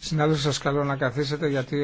Συνάδελφοι, σας καλώ να καθίσετε γιατί